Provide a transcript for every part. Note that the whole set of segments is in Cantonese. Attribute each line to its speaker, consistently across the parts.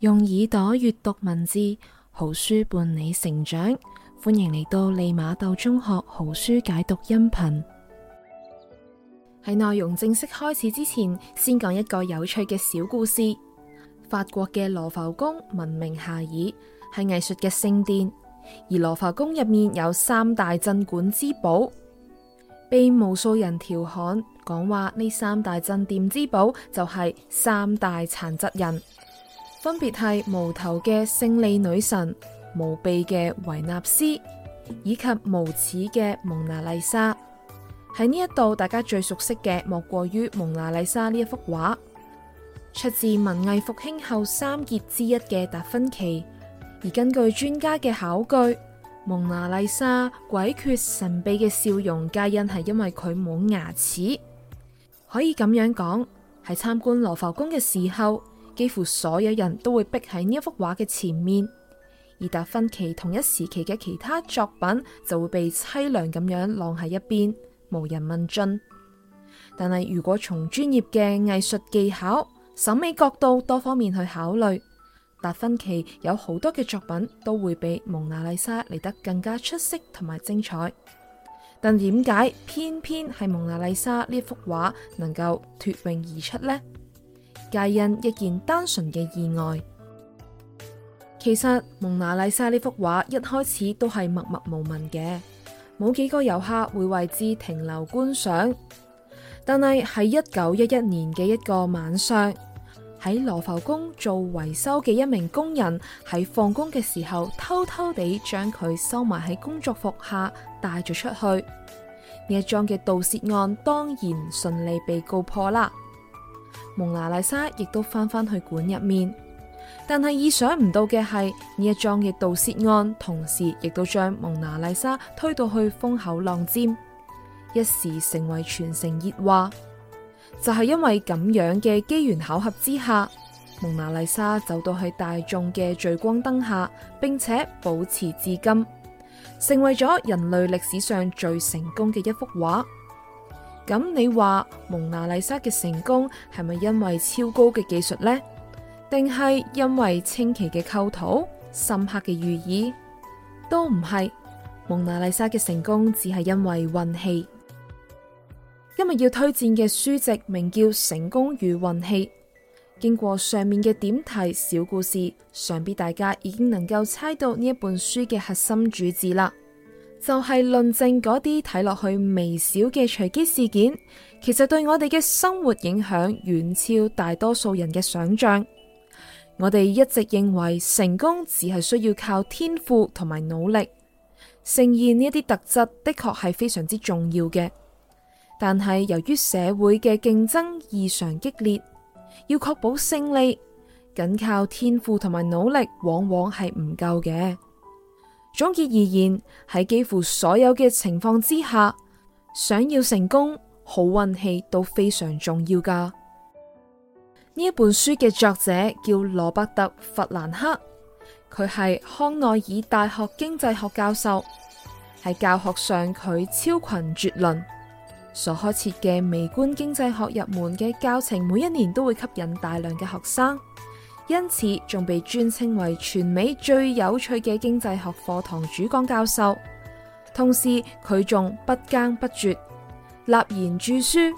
Speaker 1: 用耳朵閱讀文字，好書伴你成長。歡迎嚟到利馬竇中學好書解讀音頻。喺內容正式開始之前，先講一個有趣嘅小故事。法國嘅羅浮宮聞名遐邇，係藝術嘅聖殿，而羅浮宮入面有三大鎮館之寶，被無數人調侃，講話呢三大鎮店之寶就係三大殘疾人。分別係無頭嘅勝利女神、無臂嘅維納斯，以及無齒嘅蒙娜麗莎。喺呢一度，大家最熟悉嘅莫過於蒙娜麗莎呢一幅畫，出自文藝復興後三傑之一嘅達芬奇。而根據專家嘅考據，蒙娜麗莎詭譎神秘嘅笑容，皆因係因為佢冇牙齒。可以咁樣講，喺參觀羅浮宮嘅時候。幾乎所有人都會逼喺呢一幅畫嘅前面，而達芬奇同一時期嘅其他作品就會被凄涼咁樣晾喺一邊，無人問津。但係如果從專業嘅藝術技巧、審美角度多方面去考慮，達芬奇有好多嘅作品都會比蒙娜麗莎嚟得更加出色同埋精彩。但點解偏偏係蒙娜麗莎呢幅畫能夠脫穎而出呢？皆因一件單純嘅意外。其實蒙娜麗莎呢幅畫一開始都係默默無聞嘅，冇幾個遊客會為之停留觀賞。但係喺一九一一年嘅一個晚上，喺羅浮宮做維修嘅一名工人喺放工嘅時候，偷偷地將佢收埋喺工作服下帶咗出去。呢一樁嘅盜竊案當然順利被告破啦。蒙娜麗莎亦都翻返去館入面，但係意想唔到嘅係呢一樁嘅盜竊案，同時亦都將蒙娜麗莎推到去風口浪尖，一時成為全城熱話。就係因為咁樣嘅機緣巧合之下，蒙娜麗莎走到去大眾嘅聚光燈下，並且保持至今，成為咗人類歷史上最成功嘅一幅畫。咁你話蒙娜麗莎嘅成功係咪因為超高嘅技術呢？定係因為清奇嘅構圖、深刻嘅寓意？都唔係，蒙娜麗莎嘅成功只係因為運氣。今日要推薦嘅書籍名叫《成功與運氣》。經過上面嘅點題小故事，想必大家已經能夠猜到呢一本書嘅核心主旨啦。就係論證嗰啲睇落去微小嘅隨機事件，其實對我哋嘅生活影響遠超大多數人嘅想象。我哋一直認為成功只係需要靠天賦同埋努力，誠然呢一啲特質的確係非常之重要嘅。但係由於社會嘅競爭異常激烈，要確保勝利，僅靠天賦同埋努力往往係唔夠嘅。總結而言，喺幾乎所有嘅情況之下，想要成功，好運氣都非常重要㗎。呢一本書嘅作者叫羅伯特·弗蘭克，佢係康奈爾大學經濟學教授。喺教學上，佢超群絕倫，所開設嘅微觀經濟學入門嘅教程，每一年都會吸引大量嘅學生。因此，仲被尊稱為全美最有趣嘅經濟學課堂主講教授。同時，佢仲不耕不絕，立言著書。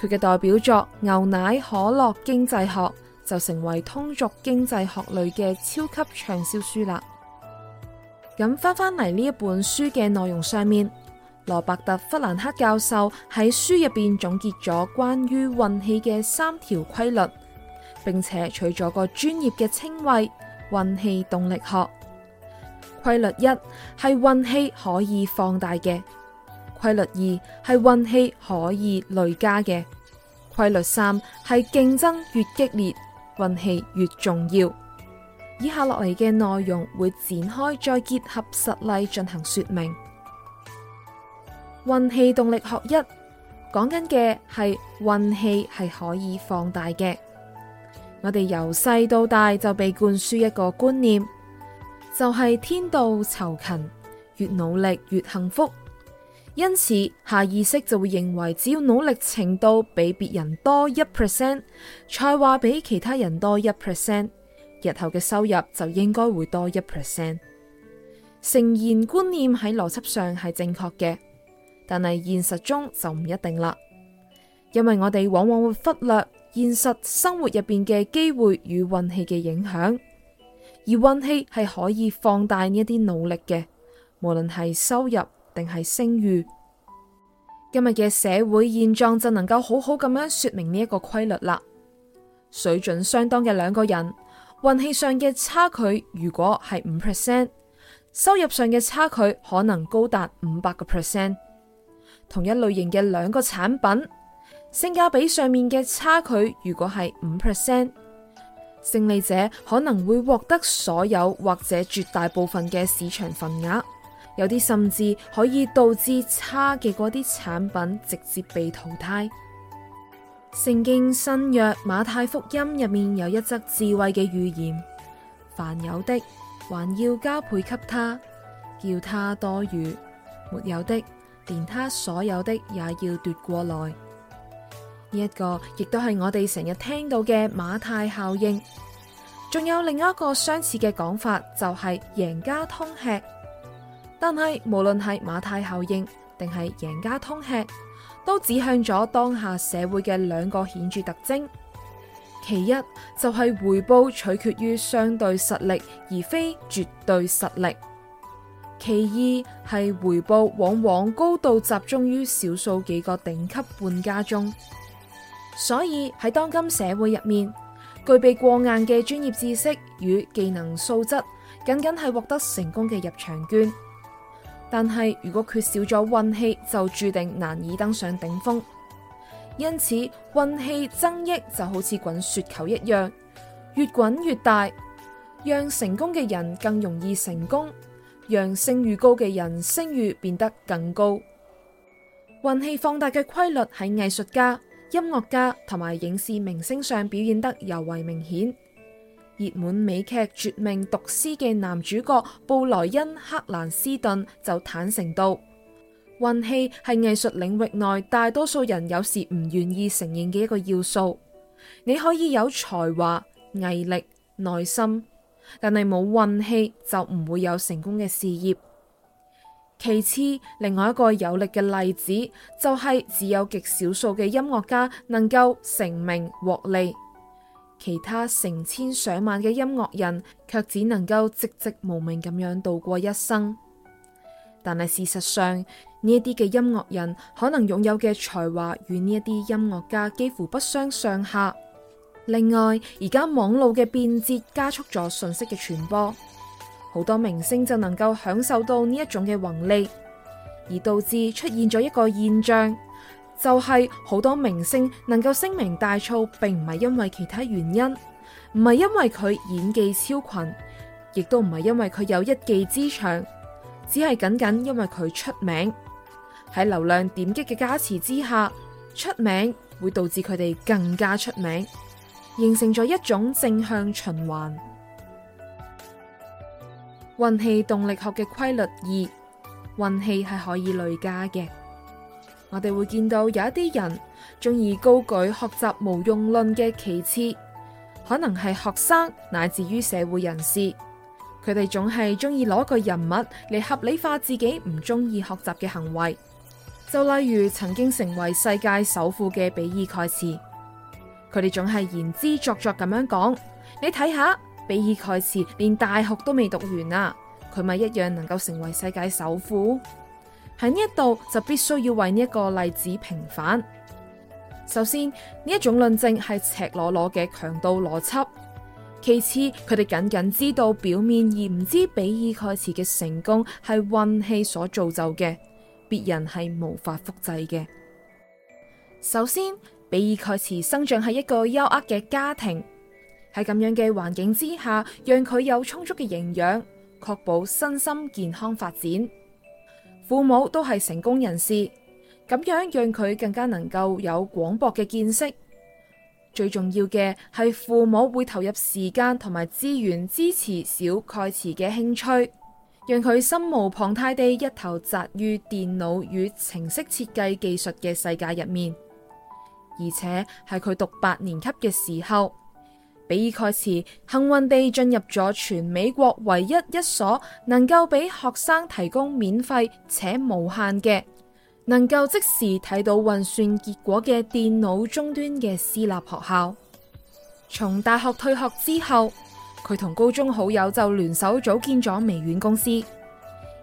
Speaker 1: 佢嘅代表作《牛奶可樂經濟學》就成為通俗經濟學類嘅超級暢銷書啦。咁翻翻嚟呢一本書嘅內容上面，羅伯特·弗蘭克教授喺書入邊總結咗關於運氣嘅三條規律。並且取咗個專業嘅稱謂，運氣動力學。規律一係運氣可以放大嘅，規律二係運氣可以累加嘅，規律三係競爭越激烈，運氣越重要。以下落嚟，嘅內容會展開，再結合實例進行說明。運氣動力學一講緊嘅係運氣係可以放大嘅。我哋由細到大就被灌輸一個觀念，就係、是、天道酬勤，越努力越幸福。因此下意識就會認為，只要努力程度比別人多一 percent，才華比其他人多一 percent，日後嘅收入就應該會多一 percent。誠然觀念喺邏輯上係正確嘅，但係現實中就唔一定啦，因為我哋往往會忽略。現實生活入邊嘅機會與運氣嘅影響，而運氣係可以放大呢一啲努力嘅，無論係收入定係聲譽。今日嘅社會現狀就能夠好好咁樣說明呢一個規律啦。水準相當嘅兩個人，運氣上嘅差距如果係五 percent，收入上嘅差距可能高達五百個 percent。同一類型嘅兩個產品，性價比上面嘅差距，如果係五%，勝利者可能會獲得所有或者絕大部分嘅市場份額。有啲甚至可以導致差嘅嗰啲產品直接被淘汰。聖經新約馬太福音入面有一則智慧嘅預言：凡有的還要加倍給他，叫他多餘；沒有的，連他所有的也要奪過來。呢、這、一個亦都係我哋成日聽到嘅馬太效應，仲有另一個相似嘅講法就係贏家通吃。但係無論係馬太效應定係贏家通吃，都指向咗當下社會嘅兩個顯著特徵。其一就係回報取決於相對實力，而非絕對實力；其二係回報往往高度集中於少數幾個頂級玩家中。所以喺當今社會入面，具備過硬嘅專業知識與技能素質，僅僅係獲得成功嘅入場券。但係如果缺少咗運氣，就注定難以登上頂峰。因此，運氣增益就好似滾雪球一樣，越滾越大，讓成功嘅人更容易成功，讓聲譽高嘅人聲譽變得更高。運氣放大嘅規律係藝術家。音樂家同埋影視明星上表現得尤為明顯。熱門美劇《絕命毒師》嘅男主角布萊恩·克蘭斯頓就坦誠道：運氣係藝術領域內大多數人有時唔願意承認嘅一個要素。你可以有才華、毅力、耐心，但係冇運氣就唔會有成功嘅事業。其次，另外一個有力嘅例子就是只有極少數嘅音樂家能夠成名獲利，其他成千上萬嘅音樂人卻只能夠寂寂無名咁樣度過一生。但係事實上，呢一啲嘅音樂人可能擁有嘅才華與呢一啲音樂家幾乎不相上下。另外，而家網絡嘅便捷加速咗信息嘅傳播。好多明星就能夠享受到呢一種嘅紅利，而導致出現咗一個現象，就係好多明星能夠聲名大噪，並唔係因為其他原因，唔係因為佢演技超群，亦都唔係因為佢有一技之長，只係僅僅因為佢出名。喺流量點擊嘅加持之下，出名會導致佢哋更加出名，形成咗一種正向循環。運氣動力學嘅規律二，運氣係可以累加嘅。我哋會見到有一啲人中意高舉學習無用論嘅旗幟，可能係學生乃至於社會人士，佢哋總係中意攞個人物嚟，合理化自己唔中意學習嘅行為。就例如曾經成為世界首富嘅比爾蓋茨，佢哋總係言之鑿鑿咁樣講，你睇下。比爾蓋茨連大學都未讀完啊，佢咪一樣能夠成為世界首富？喺呢一度就必須要為呢一個例子平反。首先，呢一種論證係赤裸裸嘅強盜邏輯；其次，佢哋僅僅知道表面而唔知比爾蓋茨嘅成功係運氣所造就嘅，別人係無法複製嘅。首先，比爾蓋茨生長喺一個優渥嘅家庭。喺咁樣嘅環境之下，讓佢有充足嘅營養，確保身心健康發展。父母都係成功人士，咁樣讓佢更加能夠有廣博嘅見識。最重要嘅係父母會投入時間同埋資源支持小蓋茨嘅興趣，讓佢心無旁騖地一頭扎於電腦與程式設計技術嘅世界入面。而且係佢讀八年級嘅時候。比爾蓋茨幸運地進入咗全美國唯一一所能夠俾學生提供免費且無限嘅、能夠即時睇到運算結果嘅電腦終端嘅私立學校。從大學退學之後，佢同高中好友就聯手組建咗微軟公司，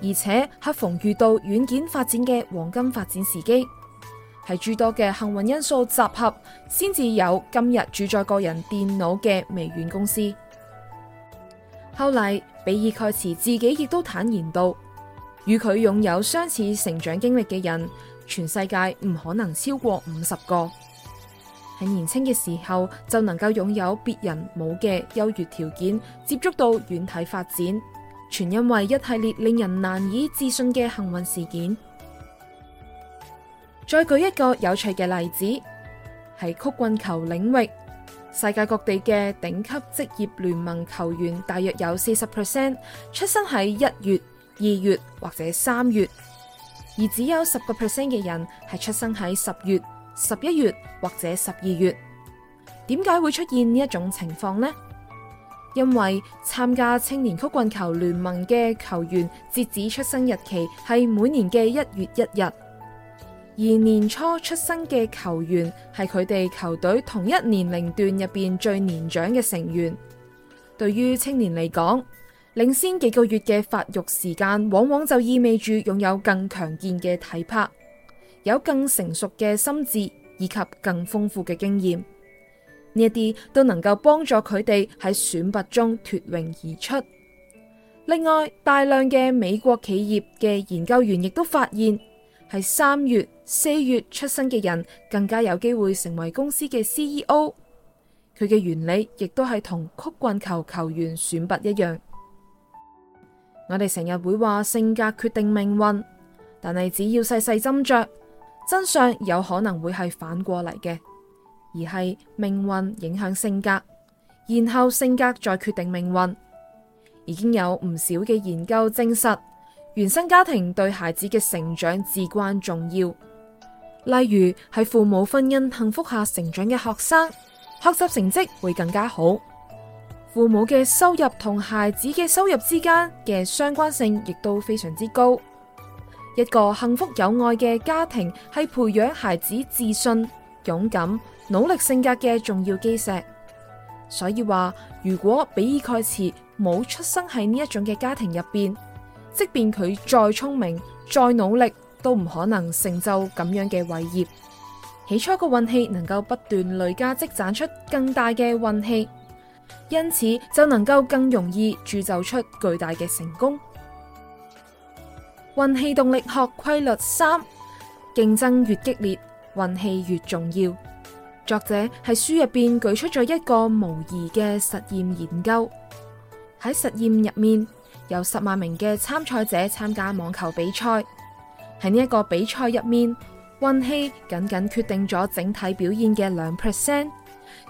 Speaker 1: 而且恰逢遇到軟件發展嘅黃金發展時機。係諸多嘅幸運因素集合，先至有今日主宰個人電腦嘅微軟公司。後嚟，比爾蓋茨自己亦都坦言道，與佢擁有相似成長經歷嘅人，全世界唔可能超過五十個。喺年輕嘅時候就能夠擁有別人冇嘅優越條件，接觸到軟體發展，全因為一系列令人難以置信嘅幸運事件。再舉一個有趣嘅例子，係曲棍球領域，世界各地嘅頂級職業聯盟球員大約有四十 percent 出生喺一月、二月或者三月，而只有十個 percent 嘅人係出生喺十月、十一月或者十二月。點解會出現呢一種情況呢？因為參加青年曲棍球聯盟嘅球員截止出生日期係每年嘅一月一日。而年初出生嘅球員係佢哋球隊同一年齡段入邊最年長嘅成員。對於青年嚟講，領先幾個月嘅發育時間，往往就意味住擁有更強健嘅體魄，有更成熟嘅心智以及更豐富嘅經驗。呢一啲都能夠幫助佢哋喺選拔中脫穎而出。另外，大量嘅美國企業嘅研究員亦都發現。喺三月、四月出生嘅人，更加有機會成為公司嘅 CEO。佢嘅原理亦都係同曲棍球球員選拔一樣。我哋成日會話性格決定命運，但係只要細細斟酌，真相有可能會係反過嚟嘅，而係命運影響性格，然後性格再決定命運。已經有唔少嘅研究證實。原生家庭對孩子嘅成長至關重要。例如，喺父母婚姻幸福下成長嘅學生，學習成績會更加好。父母嘅收入同孩子嘅收入之間嘅相關性亦都非常之高。一個幸福有愛嘅家庭係培養孩子自信、勇敢、努力性格嘅重要基石。所以話，如果比爾蓋茨冇出生喺呢一種嘅家庭入邊，即便佢再聰明、再努力，都唔可能成就咁樣嘅偉業。起初個運氣能夠不斷累加，積攢出更大嘅運氣，因此就能夠更容易鑄就出巨大嘅成功。運氣動力學規律三：競爭越激烈，運氣越重要。作者喺書入邊舉出咗一個模擬嘅實驗研究，喺實驗入面，有十萬名嘅參賽者參加網球比賽。喺呢一個比賽入面，運氣僅僅決定咗整體表現嘅兩 percent，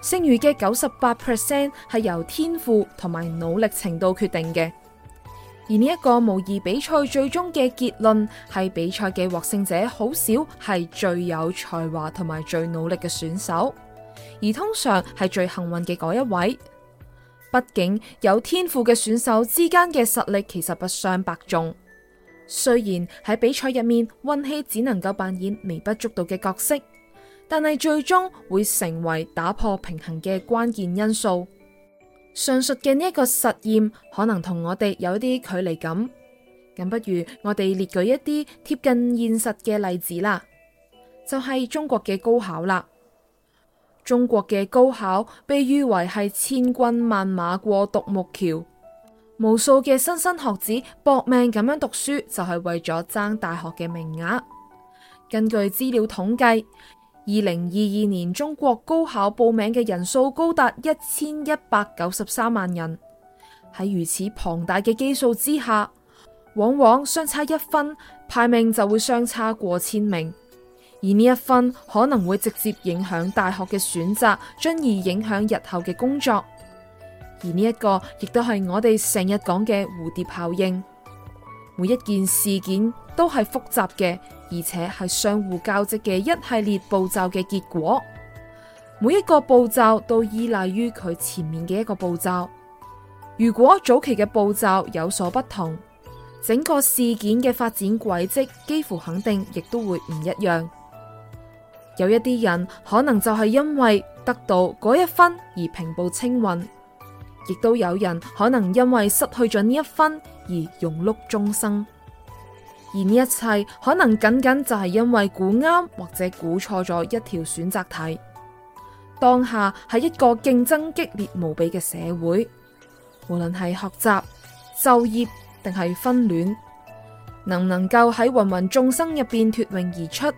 Speaker 1: 剩餘嘅九十八 percent 係由天賦同埋努力程度決定嘅。而呢一個模擬比賽最終嘅結論係比賽嘅獲勝者好少係最有才華同埋最努力嘅選手，而通常係最幸運嘅嗰一位。畢竟有天賦嘅選手之間嘅實力其實不相伯仲，雖然喺比賽入面運氣只能夠扮演微不足道嘅角色，但係最終會成為打破平衡嘅關鍵因素。上述嘅呢一個實驗可能同我哋有一啲距離感，咁不如我哋列舉一啲貼近現實嘅例子啦，就係中國嘅高考啦。中國嘅高考被譽為係千軍萬馬過獨木橋，無數嘅莘莘學子搏命咁樣讀書，就係為咗爭大學嘅名額。根據資料統計，二零二二年中國高考報名嘅人數高達一千一百九十三萬人。喺如此龐大嘅基數之下，往往相差一分，排名就會相差過千名。而呢一分可能會直接影響大學嘅選擇，進而影響日後嘅工作。而呢一個亦都係我哋成日講嘅蝴蝶效應。每一件事件都係複雜嘅，而且係相互交織嘅一系列步驟嘅結果。每一個步驟都依賴於佢前面嘅一個步驟。如果早期嘅步驟有所不同，整個事件嘅發展軌跡幾乎肯定亦都會唔一樣。有一啲人可能就係因為得到嗰一分而平步青雲，亦都有人可能因為失去咗呢一分而庸碌終生。而呢一切可能僅僅就係因為估啱或者估錯咗一條選擇題。當下係一個競爭激烈無比嘅社會，無論係學習、就業定係婚戀，能唔能夠喺芸芸眾生入邊脫穎而出？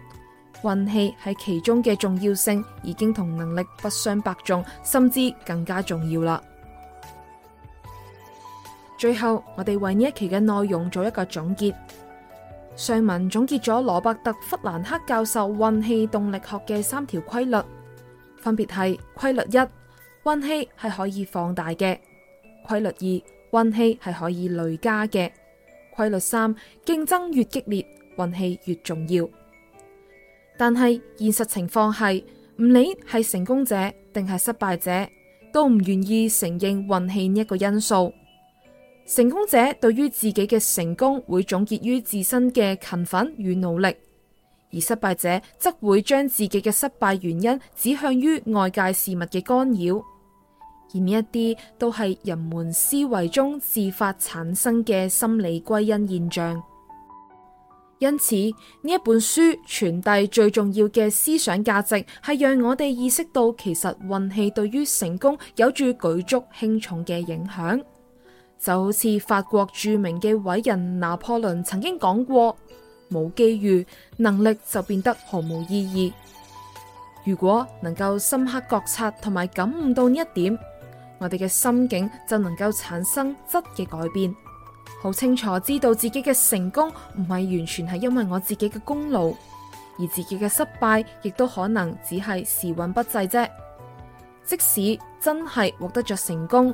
Speaker 1: 運氣喺其中嘅重要性，已經同能力不相伯仲，甚至更加重要啦。最後，我哋為呢一期嘅內容做一個總結。上文總結咗羅伯特·弗蘭克教授運氣動力學嘅三條規律，分別係：規律一，運氣係可以放大嘅；規律二，運氣係可以累加嘅；規律三，競爭越激烈，運氣越重要。但係現實情況係，唔理係成功者定係失敗者，都唔願意承認運氣呢一個因素。成功者對於自己嘅成功會總結於自身嘅勤奮與努力，而失敗者則會將自己嘅失敗原因指向於外界事物嘅干擾。而呢一啲都係人們思維中自發產生嘅心理歸因現象。因此呢一本書傳遞最重要嘅思想價值，係讓我哋意識到其實運氣對於成功有住舉足輕重嘅影響。就好似法國著名嘅偉人拿破崙曾經講過，冇機遇，能力就變得毫無意義。如果能夠深刻覺察同埋感悟到呢一點，我哋嘅心境就能夠產生質嘅改變。好清楚知道自己嘅成功唔係完全係因為我自己嘅功勞，而自己嘅失敗亦都可能只係時運不濟啫。即使真係獲得咗成功，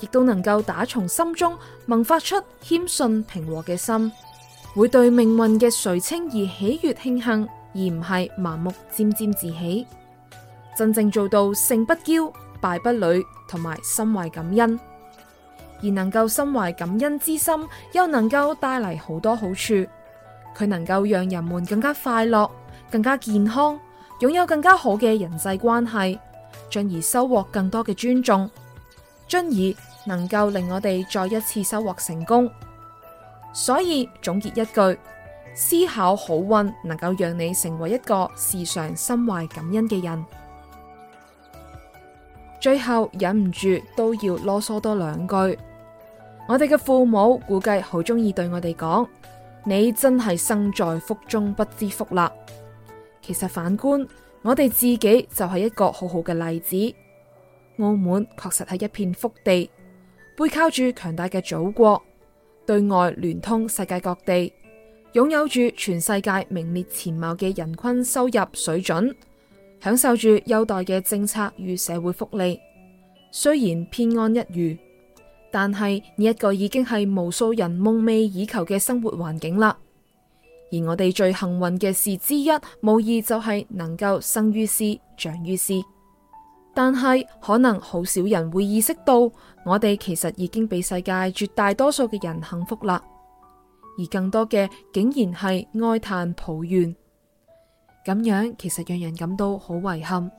Speaker 1: 亦都能夠打從心中萌發出謙遜平和嘅心，會對命運嘅垂青而喜悅慶幸，而唔係盲目沾沾自喜，真正做到勝不驕、敗不餒，同埋心懷感恩。而能夠心懷感恩之心，又能夠帶嚟好多好處。佢能夠讓人們更加快樂、更加健康，擁有更加好嘅人際關係，進而收穫更多嘅尊重，進而能夠令我哋再一次收穫成功。所以總結一句：思考好運能夠讓你成為一個時常心懷感恩嘅人。最後忍唔住都要囉嗦多兩句。我哋嘅父母估計好中意對我哋講：你真係生在福中不知福啦！其實反觀我哋自己就係一個好好嘅例子。澳門確實係一片福地，背靠住強大嘅祖國，對外聯通世界各地，擁有住全世界名列前茅嘅人均收入水準，享受住優待嘅政策與社會福利。雖然偏安一隅。但係呢一個已經係無數人夢寐以求嘅生活環境啦，而我哋最幸運嘅事之一，無疑就係能夠生於斯，長於斯。但係可能好少人會意識到，我哋其實已經比世界絕大多數嘅人幸福啦。而更多嘅竟然係哀嘆抱怨，咁樣其實讓人感到好遺憾。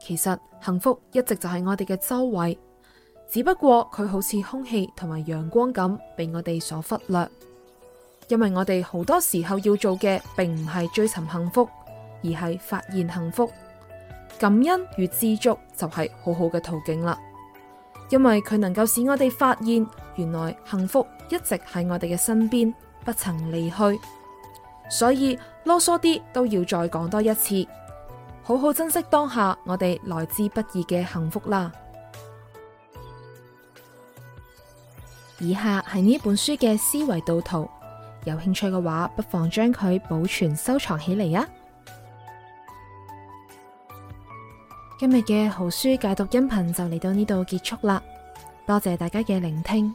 Speaker 1: 其實幸福一直就喺我哋嘅周圍。只不過佢好似空氣同埋陽光咁，被我哋所忽略。因為我哋好多時候要做嘅，並唔係追尋幸福，而係發現幸福。感恩與知足就係好好嘅途徑啦。因為佢能夠使我哋發現，原來幸福一直喺我哋嘅身邊，不曾離去。所以囉嗦啲都要再講多一次，好好珍惜當下我哋來之不易嘅幸福啦。以下係呢本書嘅思維導圖，有興趣嘅話，不妨將佢保存收藏起嚟啊！今日嘅好書解讀音頻就嚟到呢度結束啦，多謝大家嘅聆聽。